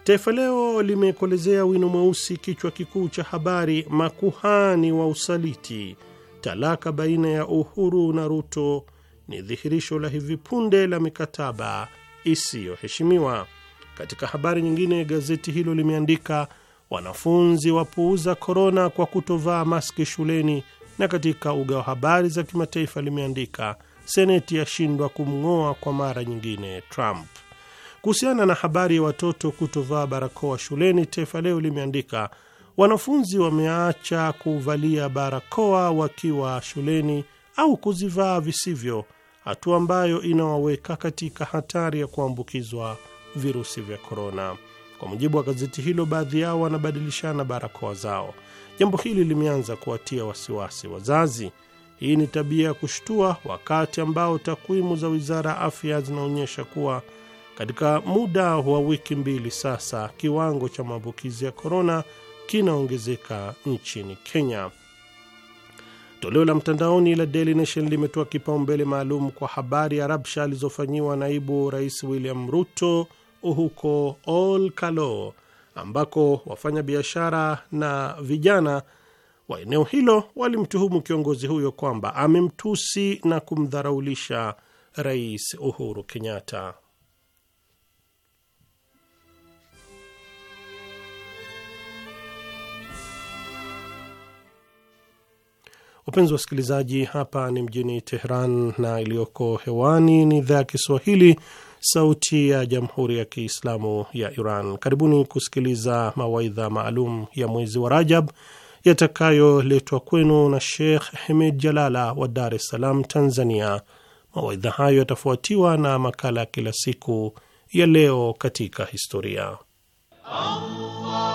Taifa Leo limekolezea wino mweusi kichwa kikuu cha habari, makuhani wa usaliti, talaka baina ya Uhuru na Ruto ni dhihirisho la hivi punde la mikataba isiyoheshimiwa. Katika habari nyingine, gazeti hilo limeandika wanafunzi wapuuza korona kwa kutovaa maski shuleni, na katika uga wa habari za kimataifa limeandika seneti yashindwa kumng'oa kwa mara nyingine Trump. Kuhusiana na habari ya watoto kutovaa barakoa shuleni, Taifa Leo limeandika wanafunzi wameacha kuvalia barakoa wakiwa shuleni au kuzivaa visivyo, hatua ambayo inawaweka katika hatari ya kuambukizwa virusi vya korona. Kwa mujibu wa gazeti hilo, baadhi yao wanabadilishana barakoa zao. Jambo hili limeanza kuwatia wasiwasi wazazi. Hii ni tabia ya kushtua wakati ambao takwimu za wizara ya afya zinaonyesha kuwa katika muda wa wiki mbili sasa, kiwango cha maambukizi ya korona kinaongezeka nchini Kenya. Toleo la mtandaoni la Daily Nation limetoa kipaumbele maalum kwa habari ya rabsha alizofanyiwa naibu rais William Ruto huko Olkalo, ambako wafanyabiashara na vijana wa eneo hilo walimtuhumu kiongozi huyo kwamba amemtusi na kumdharaulisha Rais Uhuru Kenyatta. Wapenzi wa wasikilizaji, hapa ni mjini teheran na iliyoko hewani ni idhaa ya Kiswahili, Sauti ya Jamhuri ya Kiislamu ya Iran. Karibuni kusikiliza mawaidha maalum ya mwezi wa Rajab yatakayoletwa kwenu na Sheikh Hemid Jalala wa Dar es Salaam, Tanzania. Mawaidha hayo yatafuatiwa na makala ya kila siku ya leo katika historia
Allah.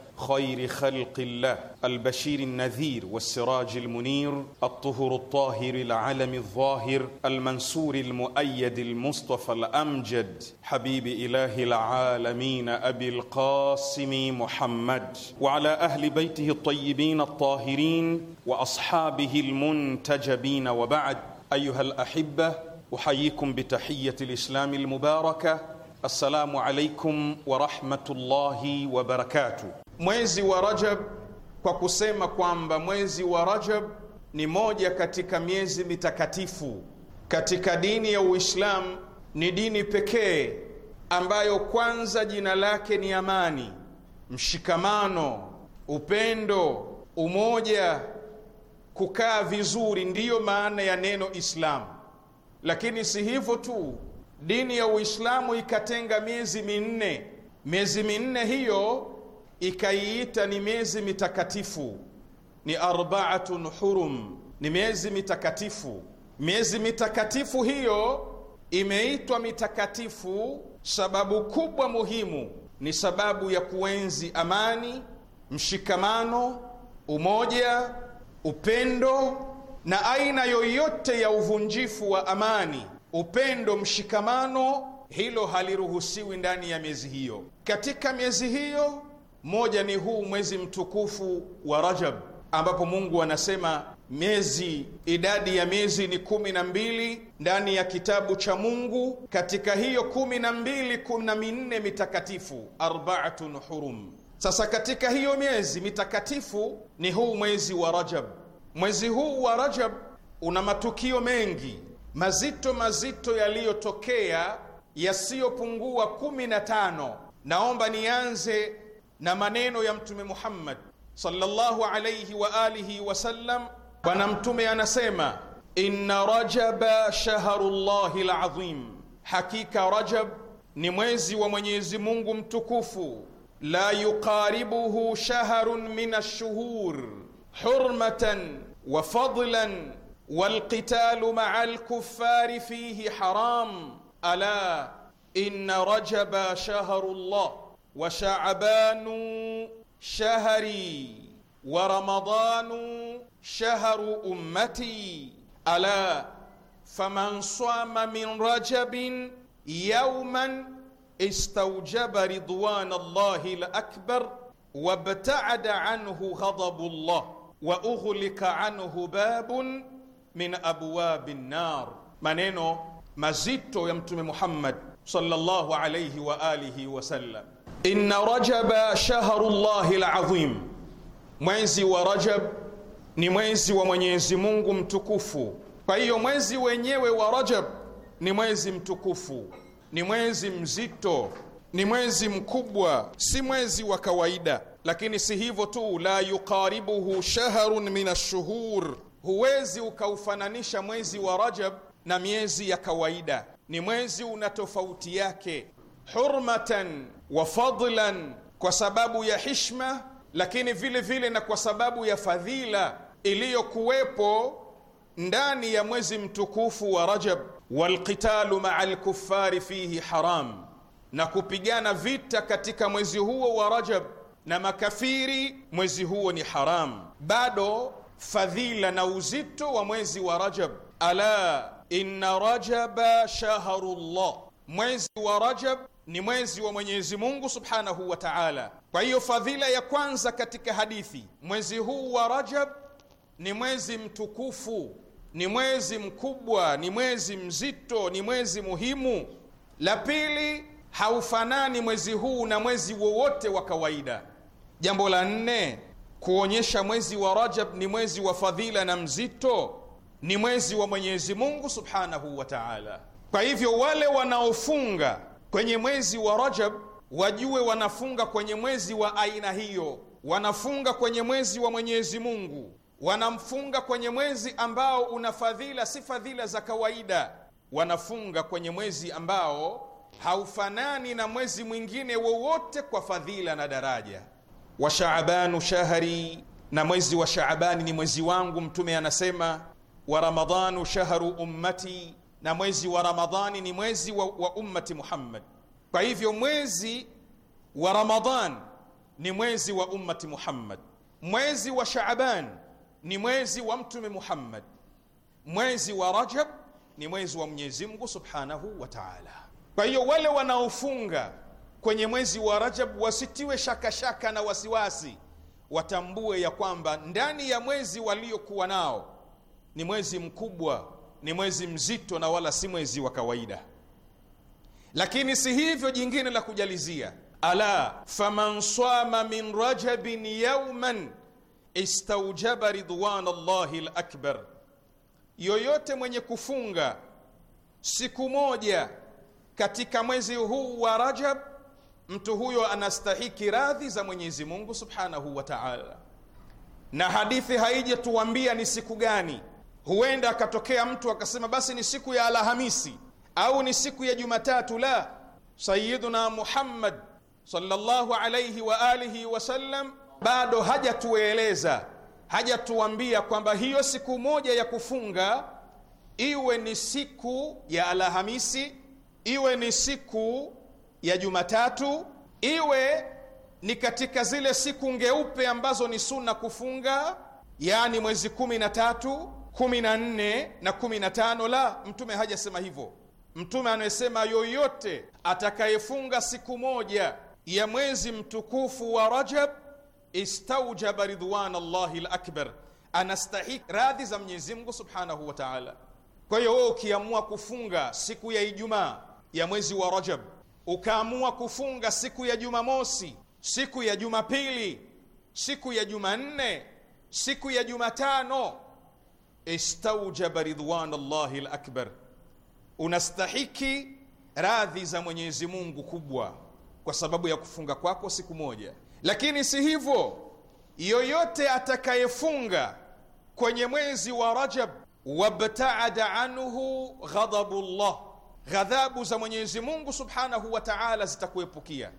خير خلق الله البشير النذير والسراج المنير الطهر الطاهر العلم الظاهر المنصور المؤيد المصطفى الأمجد حبيب إله العالمين أبي القاسم محمد وعلى أهل بيته الطيبين الطاهرين وأصحابه المنتجبين وبعد أيها الأحبة أحييكم بتحية الإسلام المباركة السلام عليكم ورحمة الله وبركاته mwezi wa Rajab kwa kusema kwamba mwezi wa Rajab ni moja katika miezi mitakatifu katika dini ya Uislamu. Ni dini pekee ambayo kwanza jina lake ni amani, mshikamano, upendo, umoja, kukaa vizuri, ndiyo maana ya neno Islamu. Lakini si hivyo tu, dini ya Uislamu ikatenga miezi minne, miezi minne hiyo ikaiita ni miezi mitakatifu, ni arbaatun hurum, ni miezi mitakatifu. Miezi mitakatifu hiyo imeitwa mitakatifu, sababu kubwa muhimu ni sababu ya kuenzi amani, mshikamano, umoja, upendo na aina yoyote ya uvunjifu wa amani, upendo, mshikamano, hilo haliruhusiwi ndani ya miezi hiyo. Katika miezi hiyo moja ni huu mwezi mtukufu wa Rajab, ambapo Mungu anasema miezi, idadi ya miezi ni kumi na mbili ndani ya kitabu cha Mungu. Katika hiyo kumi na mbili kuna minne mitakatifu, arbaatun hurum. Sasa katika hiyo miezi mitakatifu ni huu mwezi wa Rajab. Mwezi huu wa Rajab una matukio mengi mazito mazito yaliyotokea yasiyopungua kumi na tano. Naomba nianze na maneno ya Mtume Muhammad sallallahu alayhi wa alihi wasallam. Bwana Mtume anasema inna rajaba shahrullahi alazim, hakika Rajab ni mwezi wa Mwenyezi Mungu mtukufu, la yuqaribuhu shahrun min ash-shuhur hurmatan wa fadlan walqitalu ma'a al-kuffari fihi haram ala inna rajaba shahrullah وشعبان شهري ورمضان شهر أمتي ألا فمن صام من رجب يوما استوجب رضوان الله الأكبر وابتعد عنه غضب الله وأغلق عنه باب من أبواب النار منينو mazito ya mtume محمد صلى الله عليه وآله وسلم inna rajaba shahru llahi ladhim, mwezi wa Rajab ni mwezi wa Mwenyezi Mungu mtukufu. Kwa hiyo mwezi wenyewe wa Rajab ni mwezi mtukufu, ni mwezi mzito, ni mwezi mkubwa, si mwezi wa kawaida. Lakini si hivyo tu, la yuqaribuhu shahrun min ash-shuhur, huwezi ukaufananisha mwezi wa Rajab na miezi ya kawaida. Ni mwezi una tofauti yake hurmatan wa fadlan, kwa sababu ya hishma, lakini vile vile na kwa sababu ya fadhila iliyokuwepo ndani ya mwezi mtukufu wa Rajab. Walqitalu maa alkuffari fihi haram, na kupigana vita katika mwezi huo wa Rajab na makafiri mwezi huo ni haram. Bado fadhila na uzito wa mwezi wa Rajab, ala inna rajaba shahrullah Mwezi wa Rajab ni mwezi wa Mwenyezi Mungu Subhanahu wa Ta'ala. Kwa hiyo fadhila ya kwanza katika hadithi, mwezi huu wa Rajab ni mwezi mtukufu, ni mwezi mkubwa, ni mwezi mzito, ni mwezi muhimu. La pili, haufanani mwezi huu na mwezi wowote wa kawaida. Jambo la nne, kuonyesha mwezi wa Rajab ni mwezi wa fadhila na mzito, ni mwezi wa Mwenyezi Mungu Subhanahu wa Ta'ala. Kwa hivyo wale wanaofunga kwenye mwezi wa Rajab wajue wanafunga kwenye mwezi wa aina hiyo, wanafunga kwenye mwezi wa Mwenyezi Mungu, wanamfunga kwenye mwezi ambao una fadhila, si fadhila za kawaida. Wanafunga kwenye mwezi ambao haufanani na mwezi mwingine wowote kwa fadhila na daraja. Wa shaabanu shahri, na mwezi wa Shaabani ni mwezi wangu. Mtume anasema wa ramadhanu shahru ummati na mwezi wa Ramadhani ni mwezi wa, wa ummati Muhammad. Kwa hivyo mwezi wa Ramadhan ni mwezi wa ummati Muhammad, mwezi wa Shaaban ni mwezi wa Mtume Muhammad, mwezi wa Rajab ni mwezi wa Mwenyezi Mungu Subhanahu wa Ta'ala. Kwa hiyo wale wanaofunga kwenye mwezi wa Rajab wasitiwe shaka shaka na wasiwasi, watambue ya kwamba ndani ya mwezi waliokuwa nao ni mwezi mkubwa ni mwezi mzito na wala si mwezi wa kawaida. Lakini si hivyo, jingine la kujalizia, ala faman sama min rajabin yauman istaujaba ridwan llahi lakbar, yoyote mwenye kufunga siku moja katika mwezi huu wa Rajab, mtu huyo anastahiki radhi za Mwenyezi Mungu subhanahu wa taala. Na hadithi haijatuambia ni siku gani Huenda akatokea mtu akasema basi ni siku ya Alhamisi au ni siku ya Jumatatu. La, Sayyiduna Muhammad sallallahu alayhi wa alihi sallam bado hajatueleza, hajatuambia kwamba hiyo siku moja ya kufunga iwe ni siku ya Alhamisi, iwe ni siku ya Jumatatu, iwe ni katika zile siku ngeupe ambazo ni sunna kufunga, yani mwezi kumi na tatu kumi na nne na kumi na tano la Mtume hajasema hivyo. Mtume anayesema yoyote atakayefunga siku moja ya mwezi mtukufu wa Rajab istaujaba ridwan Allahi lakbar, anastahiki radhi za Mwenyezi Mungu subhanahu wa taala. Kwa hiyo wewe ukiamua kufunga siku ya Ijumaa ya mwezi wa Rajab, ukaamua kufunga siku ya Jumamosi, siku ya Jumapili, siku ya Jumanne, siku ya Jumatano istaujaba ridwan llahi lakbar, unastahiki radhi za Mwenyezi Mungu kubwa kwa sababu ya kufunga kwako siku moja. Lakini si hivyo, yoyote atakayefunga kwenye mwezi wa Rajab, wabtaada anhu ghadabu llah, ghadhabu za Mwenyezi Mungu subhanahu wa taala zitakuepukia.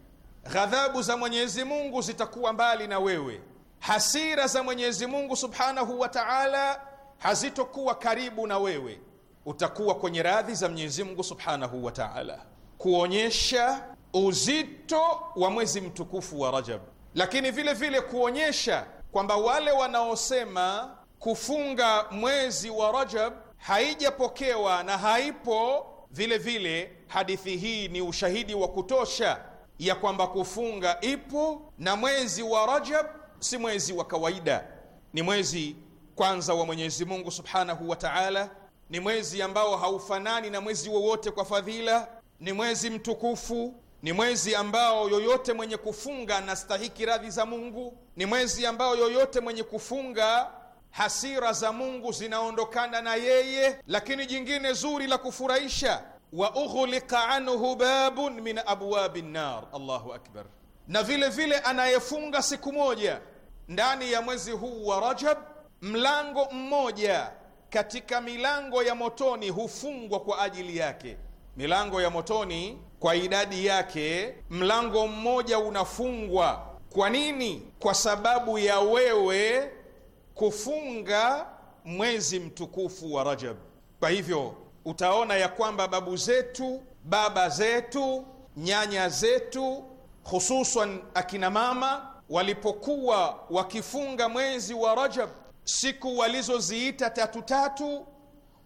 Ghadhabu za Mwenyezi Mungu zitakuwa mbali na wewe, hasira za Mwenyezi Mungu subhanahu wa taala hazitokuwa karibu na wewe, utakuwa kwenye radhi za Mwenyezi Mungu Subhanahu wa Ta'ala, kuonyesha uzito wa mwezi mtukufu wa Rajab, lakini vile vile kuonyesha kwamba wale wanaosema kufunga mwezi wa Rajab haijapokewa na haipo, vile vile hadithi hii ni ushahidi wa kutosha ya kwamba kufunga ipo, na mwezi wa Rajab si mwezi wa kawaida, ni mwezi kwanza wa Mwenyezi Mungu Subhanahu wa Ta'ala. Ni mwezi ambao haufanani na mwezi wowote kwa fadhila, ni mwezi mtukufu, ni mwezi ambao yoyote mwenye kufunga anastahiki radhi za Mungu, ni mwezi ambao yoyote mwenye kufunga hasira za Mungu zinaondokana na yeye. Lakini jingine zuri la kufurahisha, wa ughliqa anhu babun min abwabi nar, Allahu akbar! Na vile vile anayefunga siku moja ndani ya mwezi huu wa Rajab mlango mmoja katika milango ya motoni hufungwa kwa ajili yake. Milango ya motoni kwa idadi yake, mlango mmoja unafungwa. Kwa nini? Kwa sababu ya wewe kufunga mwezi mtukufu wa Rajab. Kwa hivyo utaona ya kwamba babu zetu, baba zetu, nyanya zetu, hususan akina mama, walipokuwa wakifunga mwezi wa Rajab siku walizoziita tatu tatu,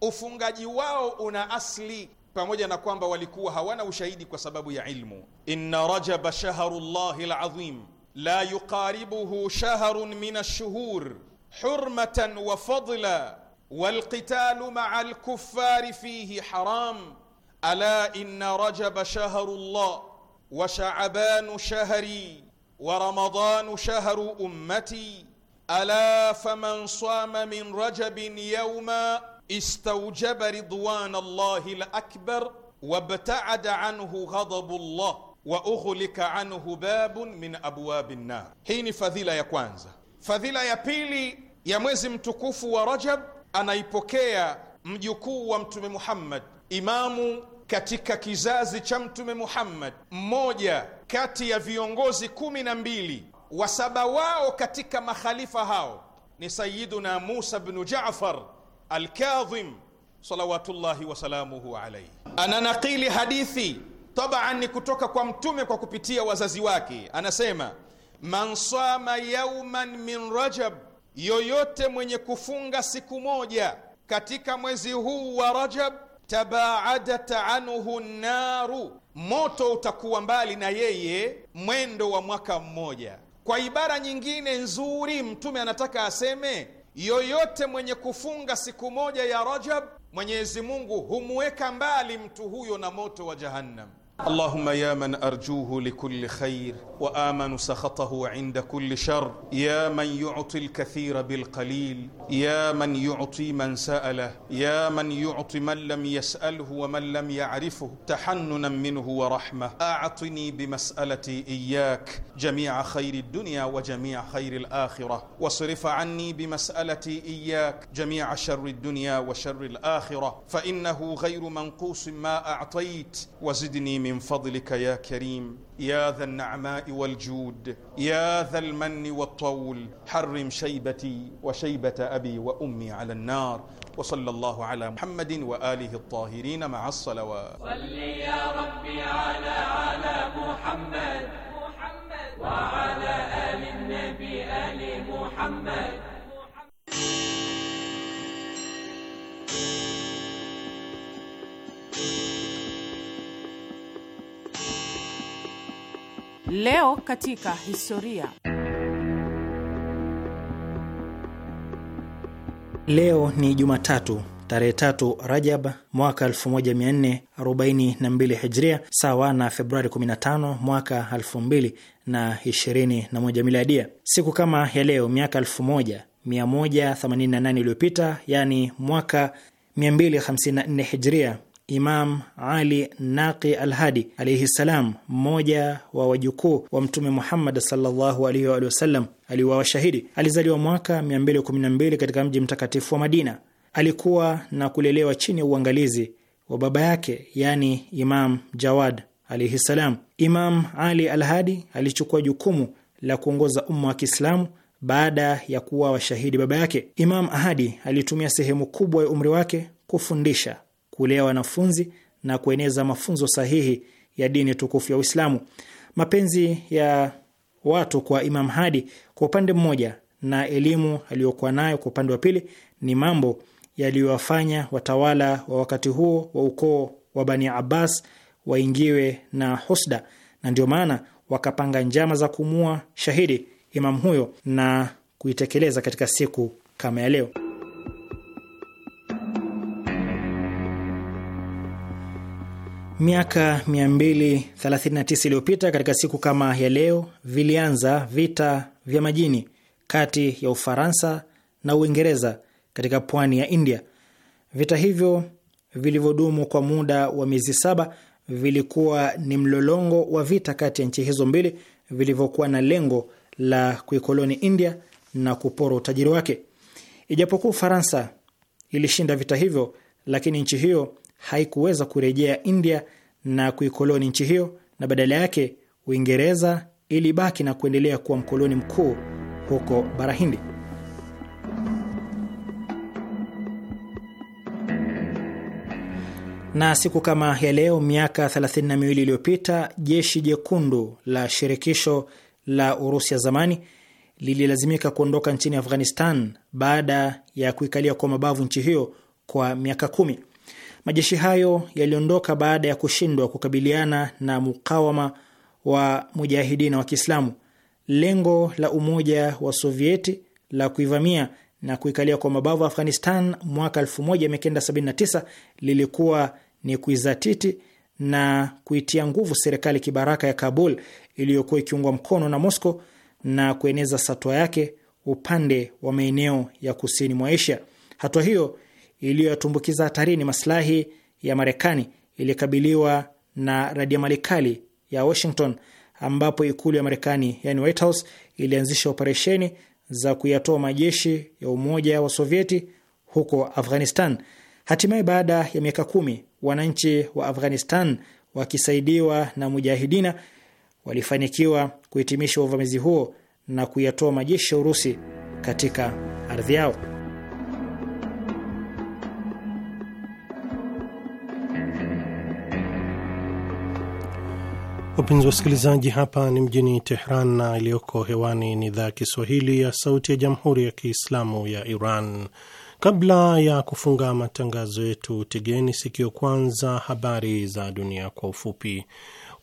ufungaji wao una asli, pamoja na kwamba walikuwa hawana ushahidi kwa sababu ya ilmu. Inna rajaba shahru llahi alazim la yuqaribuhu shahrun min alshuhur hurmatan wa fadla walqitalu maa alkuffari fihi haram ala inna rajaba shahru llah wa shaabanu shahri wa ramadanu shahru ummati ala faman sama min rajabin yawma istaujaba ridwana llahi lakbar wabtaada anhu ghadabu llah wa ughlika anhu babun min abwabi nnar. Hii ni fadhila ya kwanza. Fadhila ya pili ya mwezi mtukufu wa Rajab anaipokea mjukuu wa Mtume Muhammad, imamu katika kizazi cha Mtume Muhammad, mmoja kati ya viongozi kumi na mbili Wasaba wao katika makhalifa hao ni Sayyiduna Musa bnu Jafar Alkadhim salawatullahi wasalamuhu alaihi. Ananakili hadithi taban ni kutoka kwa Mtume kwa kupitia wazazi wake, anasema man sama yauman min Rajab, yoyote mwenye kufunga siku moja katika mwezi huu wa Rajab, tabaadat anhu nnaru, moto utakuwa mbali na yeye mwendo wa mwaka mmoja. Kwa ibara nyingine nzuri, Mtume anataka aseme yoyote mwenye kufunga siku moja ya Rajab, Mwenyezi Mungu humweka mbali mtu huyo na moto wa Jahannam. اللهم يا من ارجوه لكل خير وامن سخطه عند كل شر يا من يعطي الكثير بالقليل يا من يعطي من ساله يا من يعطي من لم يساله ومن لم يعرفه تحننا منه ورحمه اعطني بمسالتي اياك جميع خير الدنيا وجميع خير الاخره واصرف عني بمسالتي اياك جميع شر الدنيا وشر الاخره فانه غير منقوص ما اعطيت وزدني من من فضلك يا كريم يا ذا النعماء والجود يا ذا المن والطول حرم شيبتي وشيبة أبي وأمي على النار وصلى الله على محمد وآله الطاهرين مع الصلوات
صل يا ربي على على محمد
محمد وعلى آل النبي آل محمد
Thank you. Leo katika historia.
Leo ni Jumatatu tarehe tatu Rajab mwaka 1442 Hijria, sawa na Februari 15 mwaka 2021 Miladia. Siku kama ya leo miaka 1188 iliyopita, yani mwaka 254 Hijria, Imam Ali Naqi Alhadi alaihi ssalam, mmoja wa wajukuu wa Mtume Muhammad sallallahu alaihi wa sallam, aliuawa shahidi. Alizaliwa mwaka 212 katika mji mtakatifu wa Madina. Alikuwa na kulelewa chini ya uangalizi wa baba yake, yani Imam Jawad alaihi ssalam. Imam Ali Alhadi alichukua jukumu la kuongoza umma wa Kiislamu baada ya kuwa washahidi baba yake. Imam Ahadi alitumia sehemu kubwa ya umri wake kufundisha kulea wanafunzi na kueneza mafunzo sahihi ya dini tukufu ya Uislamu. Mapenzi ya watu kwa Imam Hadi kwa upande mmoja na elimu aliyokuwa nayo kwa upande wa pili ni mambo yaliyowafanya watawala wa wakati huo wa ukoo wa Bani Abbas waingiwe na husda, na ndio maana wakapanga njama za kumua shahidi Imam huyo na kuitekeleza katika siku kama ya leo. Miaka 239 iliyopita katika siku kama ya leo vilianza vita vya majini kati ya Ufaransa na Uingereza katika pwani ya India. Vita hivyo vilivyodumu kwa muda wa miezi saba vilikuwa ni mlolongo wa vita kati ya nchi hizo mbili vilivyokuwa na lengo la kuikoloni India na kupora utajiri wake. Ijapokuwa Ufaransa ilishinda vita hivyo, lakini nchi hiyo haikuweza kurejea India na kuikoloni nchi hiyo, na badala yake Uingereza ilibaki na kuendelea kuwa mkoloni mkuu huko bara Hindi. Na siku kama ya leo miaka 32 iliyopita jeshi jekundu la shirikisho la Urusi ya zamani lililazimika kuondoka nchini Afghanistan baada ya kuikalia kwa mabavu nchi hiyo kwa miaka kumi. Majeshi hayo yaliondoka baada ya kushindwa kukabiliana na mukawama wa mujahidina wa Kiislamu. Lengo la Umoja wa Sovieti la kuivamia na kuikalia kwa mabavu Afghanistan mwaka 1979 lilikuwa ni kuizatiti na kuitia nguvu serikali kibaraka ya Kabul iliyokuwa ikiungwa mkono na Moscow na kueneza satwa yake upande wa maeneo ya kusini mwa Asia. Hatua hiyo iliyoyatumbukiza hatarini masilahi ya Marekani ilikabiliwa na radia malikali kali ya Washington, ambapo ikulu ya Marekani yani White House ilianzisha operesheni za kuyatoa majeshi ya Umoja wa Sovieti huko Afghanistan. Hatimaye, baada ya miaka kumi, wananchi wa Afghanistan wakisaidiwa na mujahidina walifanikiwa kuhitimisha uvamizi huo na kuyatoa majeshi ya Urusi katika ardhi yao.
Wapenzi wasikilizaji, hapa ni mjini Tehran na iliyoko hewani ni idhaa ya Kiswahili ya Sauti ya Jamhuri ya Kiislamu ya Iran. Kabla ya kufunga matangazo yetu, tegeni sikio kwanza habari za dunia kwa ufupi.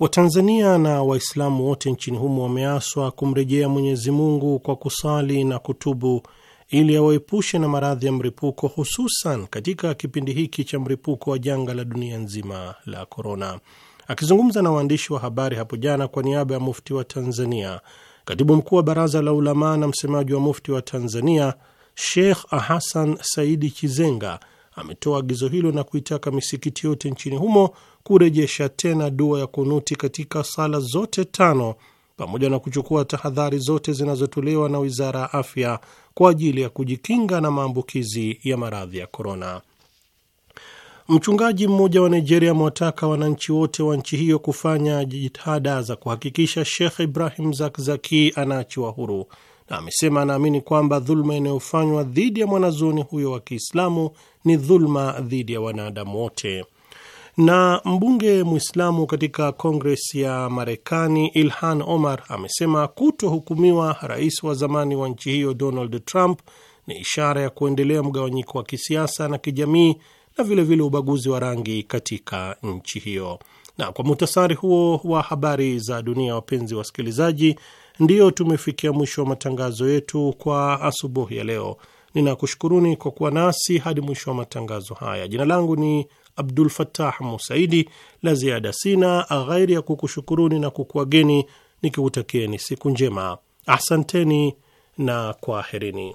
Watanzania na Waislamu wote nchini humo wameaswa kumrejea Mwenyezi Mungu kwa kusali na kutubu ili awaepushe na maradhi ya mripuko, hususan katika kipindi hiki cha mripuko wa janga la dunia nzima la korona. Akizungumza na waandishi wa habari hapo jana kwa niaba ya mufti wa Tanzania, katibu mkuu wa baraza la ulamaa na msemaji wa mufti wa Tanzania Sheikh Hasan Saidi Chizenga ametoa agizo hilo na kuitaka misikiti yote nchini humo kurejesha tena dua ya kunuti katika sala zote tano pamoja na kuchukua tahadhari zote zinazotolewa na wizara ya afya kwa ajili ya kujikinga na maambukizi ya maradhi ya korona. Mchungaji mmoja wa Nigeria amewataka wananchi wote wa nchi hiyo kufanya jitihada za kuhakikisha shekh Ibrahim Zakzaki anaachiwa huru, na amesema anaamini kwamba dhuluma inayofanywa dhidi ya mwanazuoni huyo wa Kiislamu ni dhuluma dhidi ya wanadamu wote. Na mbunge Mwislamu katika Kongres ya Marekani Ilhan Omar amesema kutohukumiwa rais wa zamani wa nchi hiyo Donald Trump ni ishara ya kuendelea mgawanyiko wa kisiasa na kijamii na vilevile vile ubaguzi wa rangi katika nchi hiyo. Na kwa muhtasari huo wa habari za dunia, wapenzi wasikilizaji, ndiyo tumefikia mwisho wa matangazo yetu kwa asubuhi ya leo. Ninakushukuruni kwa kuwa nasi hadi mwisho wa matangazo haya. Jina langu ni Abdul fatah Musaidi. La ziada sina ghairi ya kukushukuruni na kukuageni nikikutakieni siku njema. Asanteni na kwaherini.